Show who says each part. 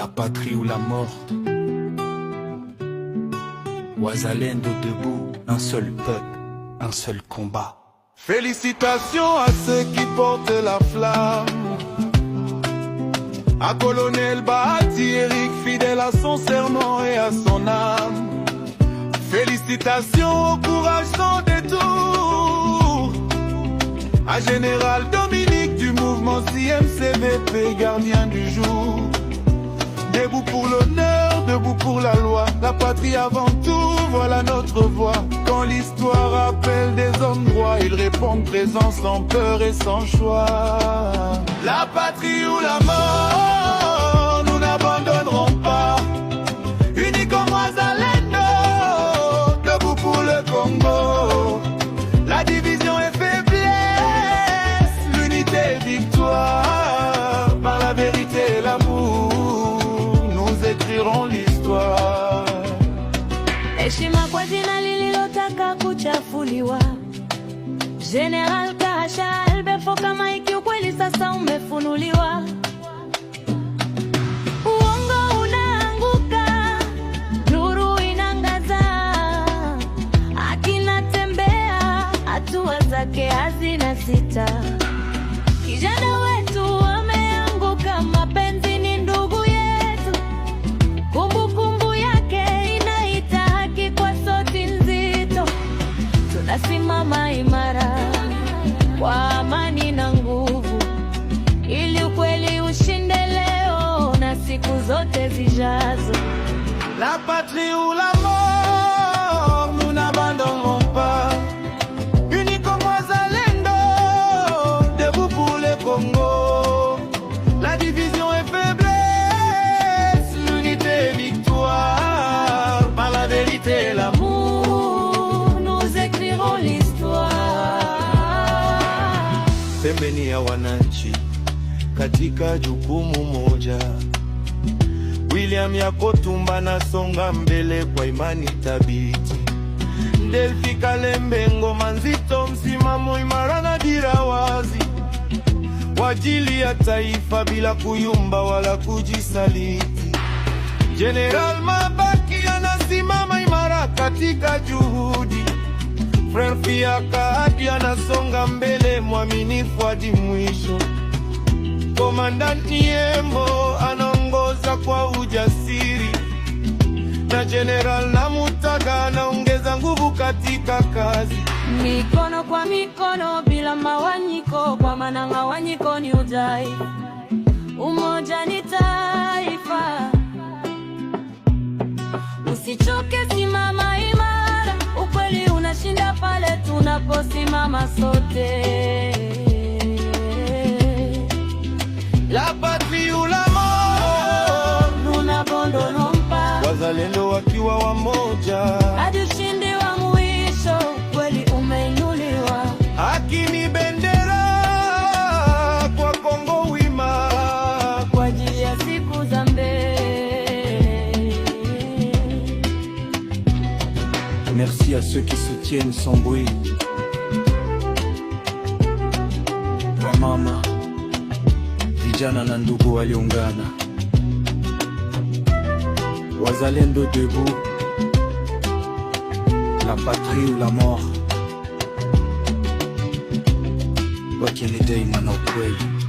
Speaker 1: la patrie ou la mort. Oisalendo debout, un seul peuple, un seul combat. Félicitations à ceux qui portent la flamme. À colonel Bahati, Eric, fidèle à son serment et à son âme. Félicitations au courage sans détour. À général Dominique du mouvement CMCVP, gardien du jour debout pour la loi, la patrie avant tout, voilà notre voix. Quand l'histoire appelle des hommes droits, ils répondent présents sans peur et sans choix. La patrie ou la mort, nous n'abandonnerons pas. Unis comme Rosalendo, debout pour le Congo.
Speaker 2: kuliwa. General Kasha albefoka maiki, ukweli sasa umefunuliwa. Uongo unaanguka, nuru inangaza. Akinatembea hatua zake hazina sita. Kijana we
Speaker 1: la patrie ou la mort, nous n'abandonnons pas. Unis comme wazalendo, debout pour le Congo. La division est faiblesse, l'unité est victoire. Par la vérité et l'amour, nous écrirons l'histoire.
Speaker 3: ya katika jukumu moja William Yakotumba nasonga mbele kwa imani thabiti. Delphi Kalembe ngoma nzito, msimamo imara na dira wazi kwa ajili ya taifa bila kuyumba wala kujisaliti. General Mabaki anasimama imara katika juhudi. Frenfi Kaadi anasonga mbele mwaminifu hadi mwisho. Komandant ana ujasiri na General na Mutaga anaongeza nguvu katika kazi.
Speaker 2: Mikono kwa mikono bila mawanyiko, kwa maana mawanyiko ni udhaifu, umoja ni taifa. Usichoke, simama imara, ukweli unashinda pale tunaposimama sote.
Speaker 3: mwisho wakiwa wamoja
Speaker 2: hadi ushindi wa mwisho, kweli umeinuliwa.
Speaker 1: Haki ni bendera kwa Kongo wima,
Speaker 2: kwa ajili ya siku za mbele.
Speaker 1: Merci a ceux qui soutiennent sans bruit mama, vijana na ndugu waliungana Wazalendo debout, la patrie ou la mort. Wakilidei Manokweli.